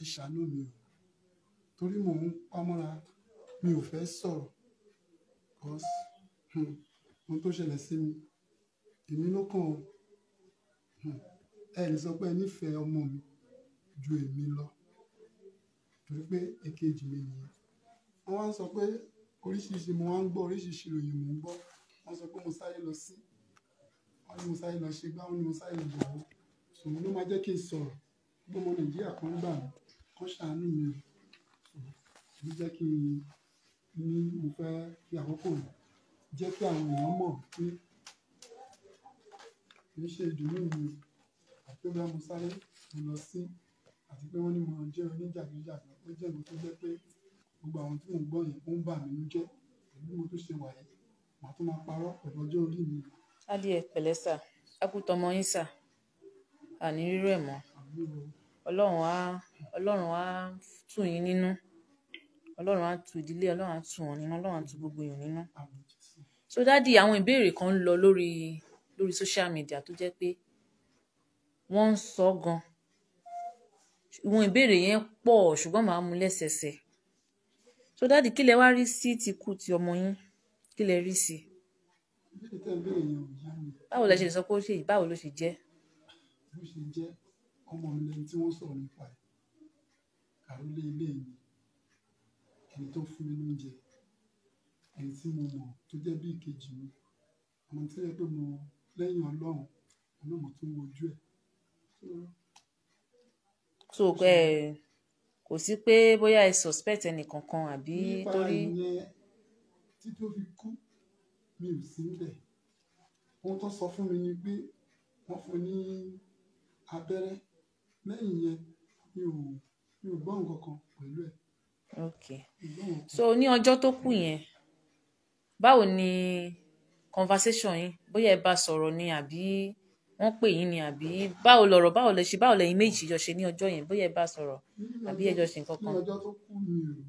ẹ ṣàánú mi o torí mò ń pamọ́ra mi ò fẹ́ sọ̀rọ̀ cause hmm, ohun tó ṣẹlẹ̀ sí mi èmi ló kàn hmm, ẹ lè sọ pé ẹ nífẹ̀ẹ́ ọmọ mi ju èmi lọ torí pé èkejì mi nìyẹn wọ́n wá ń sọ pé oríṣiríṣi mo wá ń gbọ́ oríṣiríṣi ìròyìn mò ń gbọ́ wọ́n sọ pé mo sáré lọ sí wọ́n ní mo sáré lọ ṣe gbá wọ́n ní mo sáré lọ bọ̀ wọ́n sòun ló máa jẹ́ kí n sọ̀rọ̀ gbọ́mọ nàìjíríà kan gbà mí kó ṣàánú mi ní jẹ́ kí n mo fẹ́ fi àkókò jẹ́ kí àwọn èèyàn mọ̀ pé kì í ṣe ìdùnnú mi àti pé bá mo sáré mo lọ sí àti pé wọ́n ní mo jẹ́ oníjàgídíjàgan ó jẹ́ nǹkan tó jẹ́ pé gbogbo àwọn tí mò gbọ́ yẹn ó ń bà mí jẹ́ bí mo tún ṣe wà yẹn màá tún máa parọ́ pẹ̀lú ọjọ́ orí mi. adìẹ pẹ̀lẹ́ sà á yín sà àní rírọ ẹ mọ ọlọ́run á ọlọ́run á tù yín nínú ọlọ́run á tù ìdílé ọlọ́run á tù wọn nínú ọlọ́run á tù gbogbo èèyàn nínú. so dádì àwọn ìbéèrè kan ń lọ lórí lórí social media tó jẹ́ pé wọ́n ń sọ gan ìwọ̀n ìbéèrè yẹn pọ̀ ṣùgbọ́n màá mú lẹ́sẹsẹ so dádì kí lẹ wá rí sí ti kú ti ọmọ yín kí lẹ rí sí. báwo lẹ ṣe sọ pé ó ṣe báwo ló ṣe jẹ́ ọmọ mi lẹni tí wọ́n sọ̀rọ̀ nípa ẹ̀ àròlé ilé mi ẹni tó fún mi lóúnjẹ ẹni tí mo mọ̀ tó jẹ́ bí ìkejì mi àwọn tí yẹ pé mo lẹ́yìn ọlọ́run ọ̀nà mo tún wojú ẹ̀. so ẹ kò sí pé bóyá ẹ suspect ẹnìkankan àbí torí. nípa ìyẹn títí ó fi kú mi ò sí níbẹ̀ ohun tó sọ fún mi ni pé wọ́n fún ní abẹ́rẹ́ lẹ́yìn yẹn mi ò mi ò gbọ́ nǹkan kan pẹ̀lú ẹ̀. ok so ní ọjọ́ tó kù yẹn báwo ni conversation yín bóyá ẹ bá sọ̀rọ̀ ni àbí wọ́n pè yín ni àbí báwo lọ̀rọ̀ báwo lẹ ṣe báwo lẹ̀yin méjì jọ ṣe ní ọjọ́ yẹn bóyá ẹ bá sọ̀rọ̀ àbí ẹ jọ ṣe nǹkan kan. ní ọjọ́ tó kù mi ò mi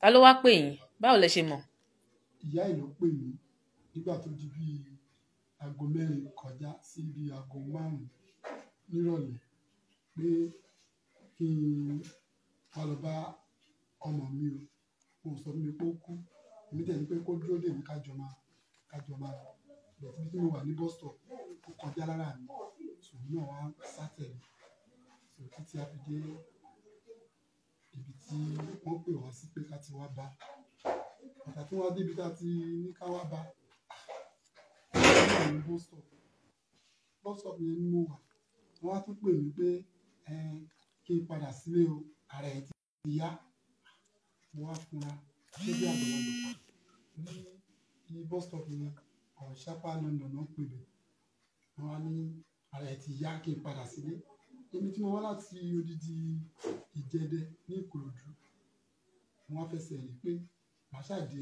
ta ló wá pè yín báwo lẹ ṣe mọ̀. ìyá ìlú pè mí nígbà tó di bíi aago mẹ́rin kọjá sí bíi aago márùn-ún nírọ̀lẹ́ pé kí n wá lọ bá ọmọ mi o wọn sọ fún mi pé ó kú èmi tẹ̀ ní pé kó dúró dè mí kájọ máa kájọ máa lọ bí tí mo wà ní bọ́sítọ̀ ó kọjá lára mi sùn náà wá sátẹ̀lì sùn títí a fi dé ibi tí wọ́n pè wá sí pé ká ti wá bá bàtà tí wọ́n á débi tá a ti ní ká wá bá bọ́sítọ̀ bọ́sítọ̀ yẹn ni mo wà wọ́n á tún pè mí pé kí n padà sílé o ara ẹ̀ ti yá mo wá fúnra ṣé bí àgbàlagbà ní bus stop yẹn ọ̀ṣápá London náà pè bẹ̀ wọ́n á ní ara ẹ̀ ti yá kí n padà sílé èmi tí mo wá láti odidi ìjẹdẹ ní Ìkòròdú wọ́n á fẹsẹ̀ rí pé màá ṣàdé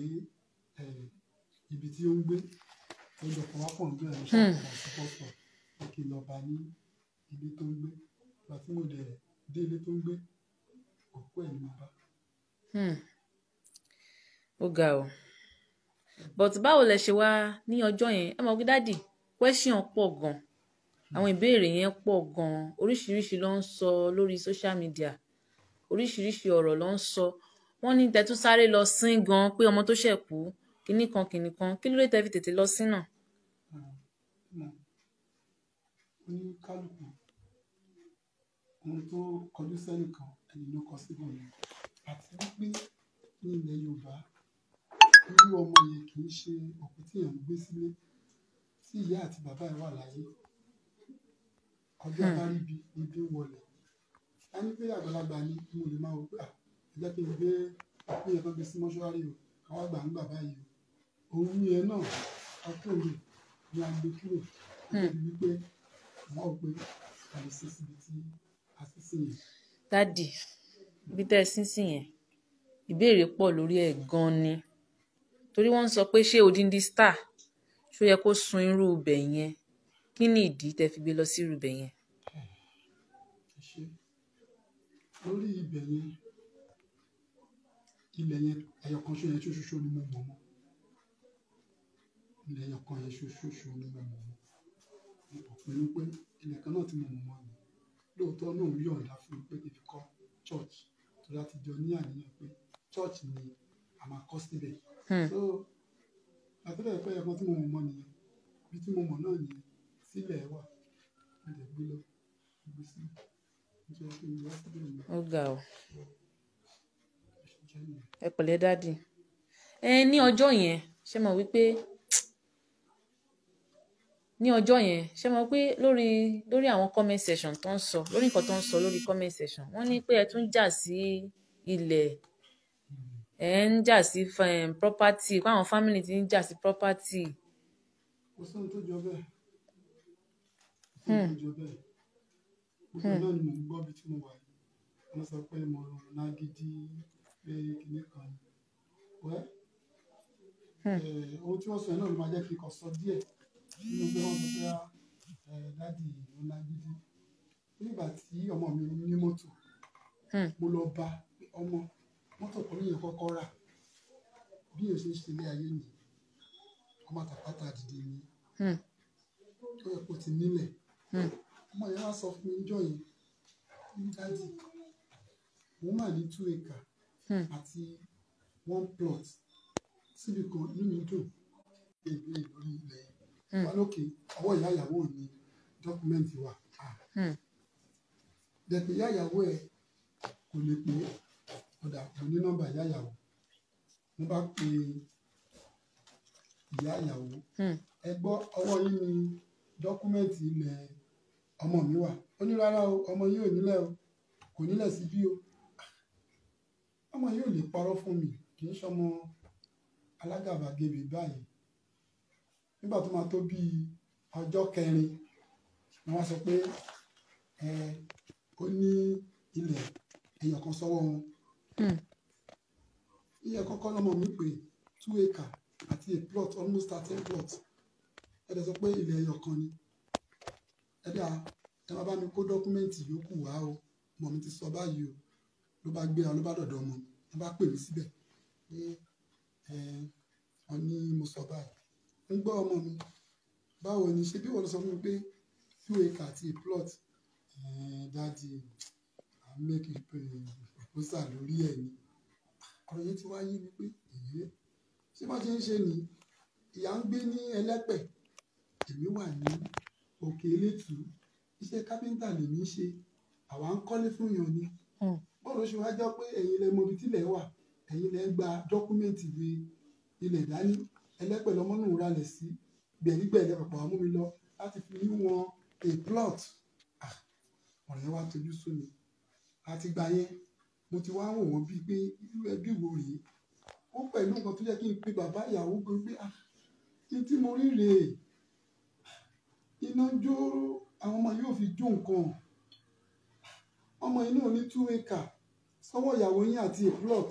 ibi tí ó ń gbé lọ́jọ́ kan wá pọ̀ nígbà yẹn ṣàkóso bus stop kí n lọ bá ní ilé tó ń gbé ìgbà tí mo dé ilé tó ń gbé òkú ẹ̀ ni bá. Hmm. ó ga o but báwo lẹ ṣe wá ní ọjọ́ yẹn ẹ mọ̀ pé dádì question pọ̀ gan àwọn ìbéèrè yẹn pọ̀ gan oríṣiríṣi ló ń sọ lórí social media oríṣiríṣi ọ̀rọ̀ ló ń sọ wọ́n ní tẹ́tú sáré lọ sin gan pé ọmọ tó ṣẹ̀ kú kinní kan kinní kan kí ló dé tẹ́ fi tètè lọ sin náà. Ah, ohun tó kọjú sẹ́nìkan ẹni ló kọ síbò ni àti wípé ní ilẹ̀ Yorùbá irú ọmọ yẹn kì í ṣe òkú tí èèyàn ń gbé sílé tí ìyá àti bàbá ẹ̀ wà láyé ọjọ́ hmm. bá rí bi ibi wọlé a ní pé àgbàlagbà ni mo lè máa wò pé à ẹjẹ́ kí n gbé òkú yẹn tó gbé sí mọ́ṣúárì o àwọn àgbà ń gbà báyìí o òun yẹn náà akóòrè ni a gbé kúrò hmm. nítorí wípé àwọn ọ̀pẹ àlè síbi tí dádì ibi tẹ́ ẹ sín sí yẹn ìbéèrè pọ̀ lórí ẹ̀ gan-an ni torí wọ́n ń sọ pé ṣé odindi star ṣó yẹ kó sun irú ibẹ̀ yẹn kí ni ìdí tẹ́ fi gbé lọ sí irú ibẹ̀ yẹn. lórí ibẹ̀ yẹn ilẹ̀ yẹn ẹyọkan ṣó yẹn ṣoṣoṣo ni mo mọ̀ mọ́ ilẹ̀ ẹyọkan yẹn ṣoṣoṣo ni mo mọ̀ mọ́ ọ̀pẹ ló pé ilẹ̀ kan náà ti mọ̀ mọ́ ni. lóòótọ́ náà ń yọ̀ǹda fún un pé kí kọ́ church tó láti jọ ní àníyàn pé church ni a máa kọ́ síbẹ̀. Hmm. so àtúntò ẹ̀kọ́ ẹ̀kọ́ tí mo mọ̀ nìyẹn bí tí mo mọ̀ sílẹ̀ wà lọ gbé ga ọ ẹ ẹ ní ọjọ yẹn ṣé mo ní ọjọ́ yẹn ṣe mọ̀ pé lórí lórí àwọn comment section tó ń sọ lórí nǹkan tó ń sọ lórí comment section wọ́n ní pé ẹ tún jà sí ilẹ̀ ẹ ń jà sí property pé àwọn family ti ń jà sí property. kò sóhun tó jọ bẹ́ẹ̀ kò sóhun hmm. tó jọ bẹ́ẹ̀ gbogbo hmm. náà ni mò ń gbọ́ bí tí mo wà yìí wọ́n sọ pé mo rò lágídí pé kinní kan wẹ́ hmm. eh, ohun tí wọ́n sọ náà ló máa jẹ́ kí n kàn sọ díẹ̀ nínú pé wọ́n sọ pé eh, dádì ló lágídí nígbà tí ọmọ mi ní mọ́tò hmm. mo lọ bá ọmọ mọ́tò kan níyẹn kọ́kọ́ rà bí èyí ṣe ń ṣe ilé ayé nìyí ọmọ àtàpátá dìde ni hmm. ó yẹ kó ti nílẹ̀ hmm. ọmọ yẹn wá sọ fún mi níjọ́ yẹn ní dádì mo mà ní two acre àti one plot síbi kan nínú dùn èmi lórí ilẹ̀ yẹn wà lókè ọwọ́ ìyá ìyàwó ni dọ́kúmẹ́ǹtì wà ah. hmm. dẹ̀pẹ̀ ìyá ìyàwó ẹ̀ kò lè pé ọ̀dà kò ní nọ́mbà ìyá ìyàwó mo bá pe ìyá ìyàwó hmm. ẹ gbọ́ ọwọ́ yín ni dọ́kúmẹ́ǹtì ilẹ̀ ọmọ mi wà ó ní rárá o ọmọ yìí ò nílẹ̀ o kò nílẹ̀ sí bí o ọmọ yìí ò lè parọ́ fún mi kì í ṣọmọ alágàbàgebè báyìí nígbà tó máa tó bíi ọjọ́ kẹrin ni wọ́n sọ pé ẹ ó ní ilẹ̀ èèyàn kan sọ́wọ́ wọn. Hmm. iye kọ́kọ́ lọ́mọ mi pè two acre àti a plot almost thirteen plot ẹ̀dẹ̀ sọ pé ilẹ̀ èèyàn kan ni ẹ̀dẹ̀ ẹ máa bá mi kó dọ́kúmẹ́ǹtì yòókù wá o mọ̀ mi ti sọ báyìí o ló bá gbéra ló bá dọ̀dọ̀ ọmọ mi bá pè mí síbẹ̀ pé ẹ wọ́n ní mo sọ báyìí ń gbọ́ ọmọ mi báwo ni ṣe bí wọ́n sọ fún mi pé two acre àti plot eh, dáàdi à a make proposal lórí ẹ̀ ni ọ̀rọ̀ yẹn ti wá yé mi pé èyí ṣé bá ṣe ń ṣe ni ìyá ń gbé ní ẹlẹ́pẹ̀ èmi wà ní òkè elétù iṣẹ́ kápẹ́ńtà lèmi ń ṣe àwa ń kọ́lé fún yàn ni hmm. bọ́ọ̀lù ṣe wá jọ pé ẹ̀yin lẹ mọ ibi tílẹ̀ wà ẹ̀yin lẹ gba dọ́kúmẹ́ǹtì ilẹ̀ dání ẹlẹ́pẹ̀lẹ́ ọmọ náà ralẹ̀ sí gbẹ̀rígbẹ̀rẹ̀ pàpà mú mi lọ láti fi ní wọn a plot ah, ọ̀rẹ́ wa tojú sú mi àti gbà yẹn mo ti wá wò wọ́n bíi pé irú ẹbí wo rèé ó pẹ̀lú nǹkan tó yẹ kí n pe bàbá ìyàwó gan pé ah ní tí mo rí rèé iná jó àwọn ọmọ yóò fi jó nǹkan ọmọ yìí náà ní two acre sọ́wọ́ ìyàwó yín àti a plot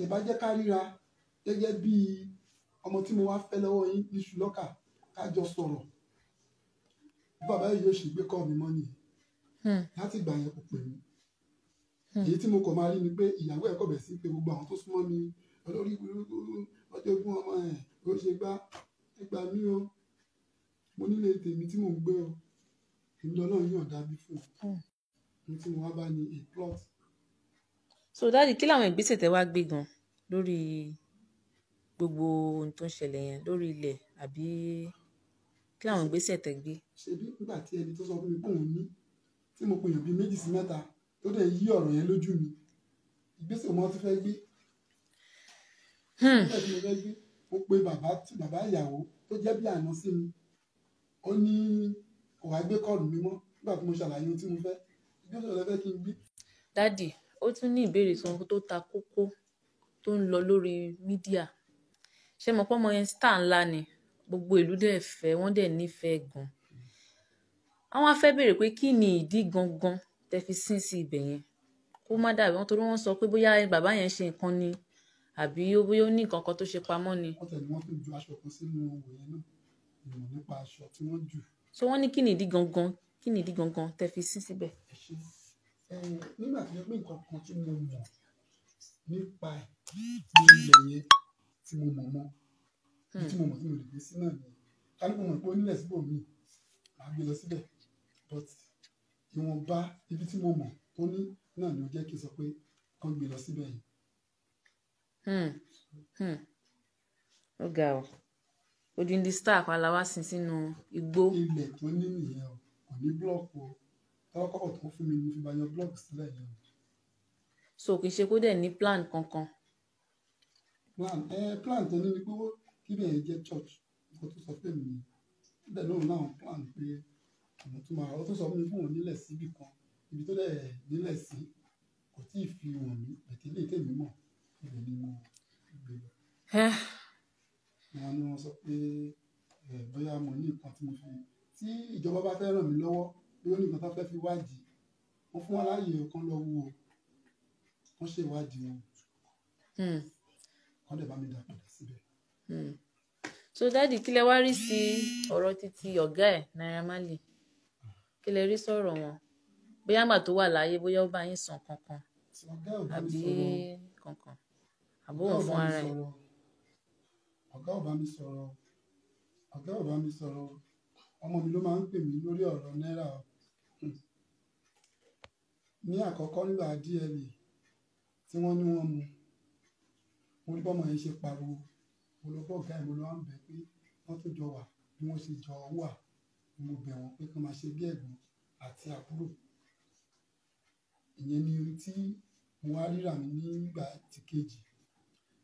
ẹ bá jẹ́ ká ríra gẹ́gẹ́ bíi ọmọ tí mo wá fẹ́ lọ́wọ́ yín iṣu lọ́kà kájọ sọ̀rọ̀ bàbá yìí yóò ṣègbè kọ́ mi mọ́nì hmm. láti ìgbà yẹn kò pè mí hmm. èyí tí mo kọ̀ máa rí ni pé ìyàwó ẹ̀ kọ̀ bẹ̀ sí pé gbogbo àwọn tó súnmọ́ mi olórí ọjọ́ ogún ọmọ ẹ̀ ló ṣe gbá ẹgbà mí o mo nílé tèmi tí mò ń gbé o èmi lọ́nà yàn dábí fún ọ hmm. ní tí mo wá bá ní a plot. so dáàdi kí làwọn ìgbésẹ̀ tẹ́ wá gbé gan lórí. Lórí gbogbo ohun tó ń ṣẹlẹ̀ yẹn lórí ilẹ̀ àbí kí làwọn ìgbésẹ̀ tẹ́ gbé. ṣebí nígbà tí ẹni tó sọ fún mi pé òun ní tí mo pèèyàn bíi méjì sí mẹ́ta tó dẹ̀ yí ọ̀rọ̀ yẹn lójú mi ìgbésẹ̀ mo ti fẹ́ gbé. Hmm. ìgbésẹ̀ tí mo fẹ́ gbé mo pe bàbá bàbá ìyàwó tó jẹ́ bí àná sí mi ó ní kò wá gbé kọ́ọ̀lù mi mọ́ nígbà tí mo ṣàlàyé ohun tí mo fẹ́ ìgbésẹ̀ ọ̀rẹ́ fẹ́ kí n gbé. dádì ó tún ní ìbéèrè tó ń lọ lórí mídíà ṣe mọ̀ pé ọmọ yẹn star ńlá ni gbogbo ìlú dẹ̀ fẹ́ wọ́n dẹ̀ nífẹ̀ẹ́ gan àwọn afẹ́ béèrè pé kí ni ìdí gangan tẹ́ fi sin sí ibẹ̀ yẹn kó má dàbí wọn torí wọ́n sọ pé bóyá bàbá yẹn ṣe nǹkan ni àbí bóyá ó ní nǹkan kan tó ṣe pamọ́ ni. wọ́n tẹ̀lé wọn tó ju aṣọ kan sínú òwò yẹn náà ìmọ̀ nípa aṣọ tí wọ́n jù. so wọ́n ní kí ni ìdí gangan kí ni ìdí gangan tẹ́ fi sin síbẹ̀. nígbà tó yẹ pé nǹkan kan tí mo mọ̀ nípa ilẹ̀ yẹn tí mo mọ̀ mọ́ ibi hmm. tí mo mọ̀ tí mo lè gbé sí náà ni ká mọ̀ pé ó síbò míì màá gbé lọ síbẹ̀ but ìwọ̀nba ibi tí mo mọ̀ tó ní náà ni ó jẹ́ kí n sọ pé kán gbé lọ síbẹ̀ yìí. Hmm. Hmm. ó ga ọ odindi star pala sin sínú igbó. ilẹ̀ tó ní nìyẹn o kò ní búlọ̀kù o tọ́wọ́ kọ́kọ́ tó fún mi ni mo fi bá yan búlọ̀kù sílẹ̀ yẹn o. so kì í ṣe kó dẹ̀ ní plan kankan plan ẹ plan tó ní ni pé kí bẹ́ẹ̀ jẹ́ church nǹkan tó sọ pé mi ni bẹ́ẹ̀ lóun náà plan pé àwọn tó máa ọ tó sọ fún mi fún òun nílẹ̀ síbì kan ibi tó dẹ̀ nílẹ̀ sí kò tí ì fi wọ̀n mi bẹ̀tẹ̀ ilé tèmi mọ̀ ibẹ̀ ni mo gbé lọ. Eh. wọn ni wọn sọ pé eh, bóyá mo ní nǹkan tí mo fi tí ìjọba bá fẹ́ ràn mí lọ́wọ́ lórí nǹkan tó fẹ́ fi wádìí wọ́n fún wọn láàyè kan lọ wú o wọ́n ṣèwádìí wọn. Hmm wọ́n dẹ̀ bá mi dà padà síbẹ̀. Hmm. so dáàdì kí lẹ wá rí sí ọ̀rọ̀ títí ọ̀gá ẹ̀ Naira Marley kí lẹ rí sọ̀rọ̀ wọn bóyá àgbà tó wà láyé bóyá ó bá yín sàn kankan àbí kankan àbóhùn fún ara ẹ̀. ọ̀gá ò bá mi sọ̀rọ̀ ọ̀gá ò bá mi sọ̀rọ̀ ọmọ mi ló máa ń pè mí lórí ọ̀rọ̀ náírà hmm. ní àkọ́kọ́ nígbà díẹ̀ lè e, tí wọ́n ní wọ́n mu mo rí bọ́mọ yẹn ṣe pariwo mo lọ bọ́ ọ̀gá ẹ̀ mo lọ ń bẹ̀ pé wọ́n tó jọ wà bí wọ́n ṣe jọ wà mo bẹ̀ wọ́n pé kí wọ́n máa ṣe bí ẹ̀gbọ́n àti àbúrò ìyẹn ni orí tí mo wá ríra mi nígbà tí kejì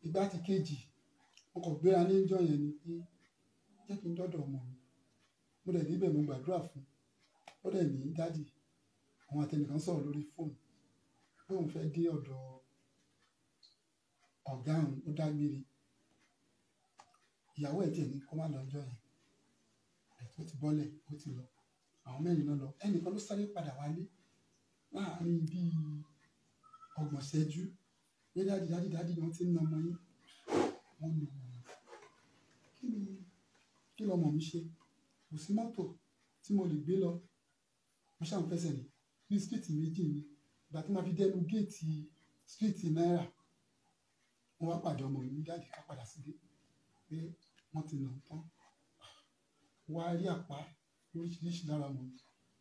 ìgbà tí kejì mo kàn gbéra ní ìjọ yẹn ni pé jẹ́ kí n dọ́dọ̀ ọmọ mi mo dẹ̀ níbẹ̀ mo gbàdúrà fún ó dẹ̀ ní dádì àwọn àtẹnìkan sọ̀rọ̀ lórí fóònù pé fẹ́ dé ọ̀dọ̀ ọ̀gá òun ó dágbére ìyàwó ẹ̀ tiẹ̀ ní kó má lọ ọjọ́ yẹn ó ti bọ́lẹ̀ ó ti lọ àwọn mẹ́rin náà lọ ẹnìkan ló sáré padà wálé láàrin bíi ọgbọ̀n ṣẹ́jú pé dáàdì dáàdì dáàdì wọn ti ń na ọmọ yín wọn lò wọn kí ni kí lọmọ mi ṣe kò sí mọ́tò tí mo lè gbé lọ mo ṣàǹfẹsẹ̀ ní ní stíìtì méjì ni ìgbà tí mo fi dẹnu géètì stíìtì náírà mo wá pàdé ọmọ yìí jáde ká padà sílé pé wọ́n ti nà tán wá rí àpá lóríṣiríṣi lára wọn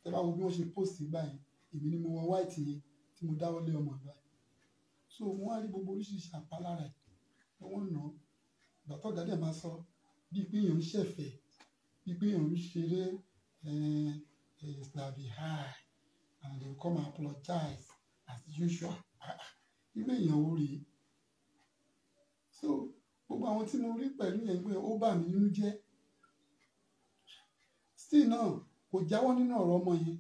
tẹ bá wo bí wọ́n ṣe póòsì gbà yẹn èmi ni mo wọ wáìtì yẹn tí mo dáwọ́ lé ọmọ àgbà so wọ́n wá rí gbogbo oríṣiríṣi àpá lára ẹ̀ pé wọ́n nà án ìgbà tó ọ̀gá dẹ̀ máa sọ bíi pé èèyàn ń ṣẹ̀fẹ̀ bíi pé èèyàn ń ṣeré is eh, eh, be high and they come apologize as usual ah, ah, ilé èèyàn ò rí so gbogbo àwọn tí mo rí pẹ̀lú yẹn pé ó bà mí nínú jẹ́ still náà kò jáwọ́ nínú ọ̀rọ̀ ọmọ yẹn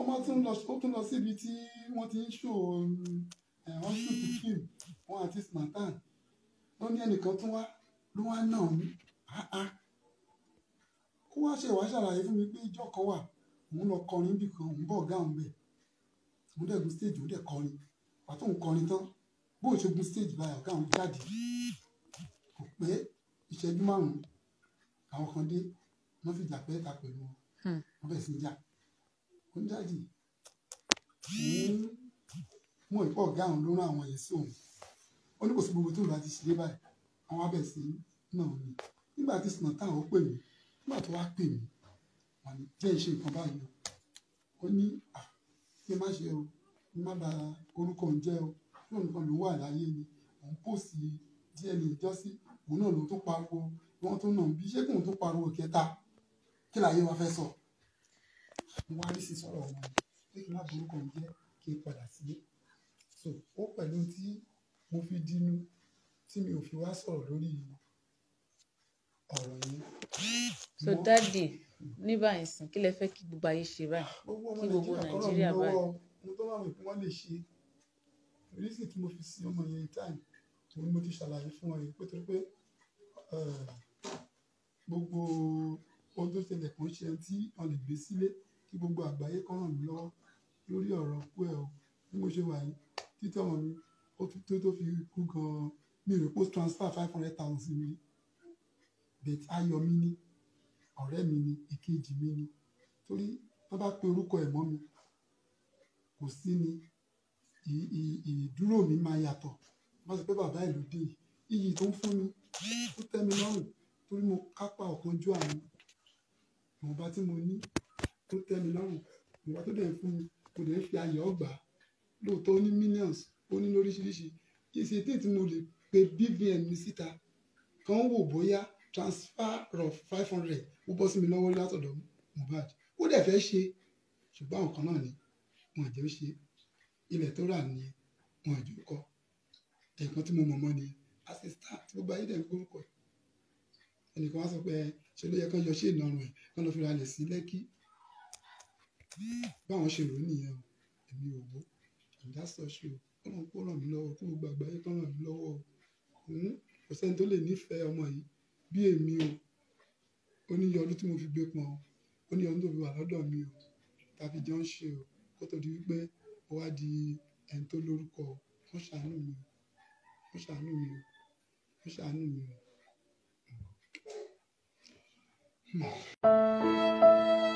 ọmọ tún lọ ó tún lọ síbi tí wọ́n ti ń ṣò eh, wọ́n ṣò tí fíìmù wọn àti smartan ló ní ẹnìkan tún wá ló wá náà mí áá ó wá ṣe ìwà ṣàlàyé fún mi pé ìjọ kan wà òun lọ kọrin bì kan òun bọ̀ ọ̀gá òun bẹ̀ òun dẹ̀ gun stage òun dẹ̀ kọrin pàtó òun kọrin tán bó o ṣe gun stage báyà káwọn jáde kò pé ìṣẹ́jú márùn-ún àwọn kan dé wọ́n fìjà pẹ́ ta pẹ̀lú wọn hmm. wọ́n bẹ̀rẹ̀ sí í jà wọ́n jáde wọ́n ìpọ̀ ọ̀gá àwọn ló rán àwọn yẹn sí òun ó ní kò sí gbogbo tó ń bá ti báyìí àwọn abẹ́ sí náà ni nígbà tí sinà táwọn pè mí nígbà tó wá pè mí wọ́n ní bẹ́ẹ̀ ṣe nǹkan báyìí ó ní à kí má ṣe o má bà orúkọ òun jẹ́ o lóun nìkan ló wà láyé ni òun pòsì díẹ̀ ní ìjọ́sí òun náà ló tún pariwo wọ́n tún nà bí ṣé kóun tún pariwo kẹta kí láyé wa fẹ́ sọ. mo wá rí sí sọ̀rọ̀ wọn pé kí n má burúkọ mi jẹ́ kí n padà sílé so ó pẹ̀lú tí mo fi dínú tí mi ò fi wá sọ̀rọ̀ lórí ọ̀rọ̀ yẹn. so dáàdì ní báyìí sìn kí lẹ fẹ́ kí gbogbo ayé ṣe báyìí kí gbogbo nàìjíríà báyìí reason tí mo fi sin ọmọ yẹn time òun mo ti ṣàlàyé fún wọn yìí pé torí pé eh, gbogbo ohun tó ṣẹlẹ̀ kò ń ṣe tí wọ́n lè gbé sílé kí gbogbo àgbáyé kan ràn mí lọ́wọ́ lórí ọ̀rọ̀ kú ẹ̀ o bí mo ṣe wà yìí títọ́ ọmọ mi ó tó tó fi kú gan-an mi rè post transfer five hundred thousand mi bet ayọ̀ mi ni ọ̀rẹ́ mi ni ìkejì mi ni torí wọ́n bá pe orúkọ ẹ̀ mọ́ mi kò sí ni ìdúró mi máa yàtọ̀ má sọ pé bàbá ìlú dé iyì tó ń fún mi ó tẹ́ mi lọ́rùn torí mo kápá ọ̀kan ju àwọn ìwọ̀nba tí mo ní tó tẹ́ mi lọ́rùn ìwọ̀nba tó dẹ̀ ń fún mi kò dẹ̀ ń fi ayọ̀ ọgbà lóòótọ́ ní millions ó ní lóríṣiríṣi ìṣètò tí mo lè pe BVN mi síta kan wò bóyá transfer of five hundred ó bọ́ sí mi lọ́wọ́ látọ̀dọ̀ Mohbad ó dẹ̀ fẹ́ ṣe ṣùgbọ́n àwọn náà ni wọn àjẹ́ ṣe é ilẹ̀ tó rà ní wọn àjò kọ ẹ̀gbọ́n tí mo mọ̀ mọ́ ni assistant tí gbogbo ayé dẹ̀ ń gbórúkọ ẹnìkan wá sọ pé ṣe ló yẹ kán yọ ṣé ìnàrùn ẹ̀ kán lọ fi ra lẹ̀ sí lẹ́kì báwọn ṣe rò ó nìyẹn o èmi ò wó ìdásọ ṣe o kọ́nà kó ràn mí lọ́wọ́ kó gbogbo àgbáyé kán ràn mí lọ́wọ́ o kò sẹ́ni tó lè nífẹ̀ẹ́ ọmọ yìí bí èmi o ó ní ọdún tí mo fi gbé pọn o ó ní ọdún tó fi wà lọ́dọ̀ mi o tàbí jọ ń ṣe o kó tó di wípé ó wá di ẹni tó lórúkọ wọ́n ṣàánú mi wọ́n ṣàánú mi wọ́n ṣàánú mi. Hmm.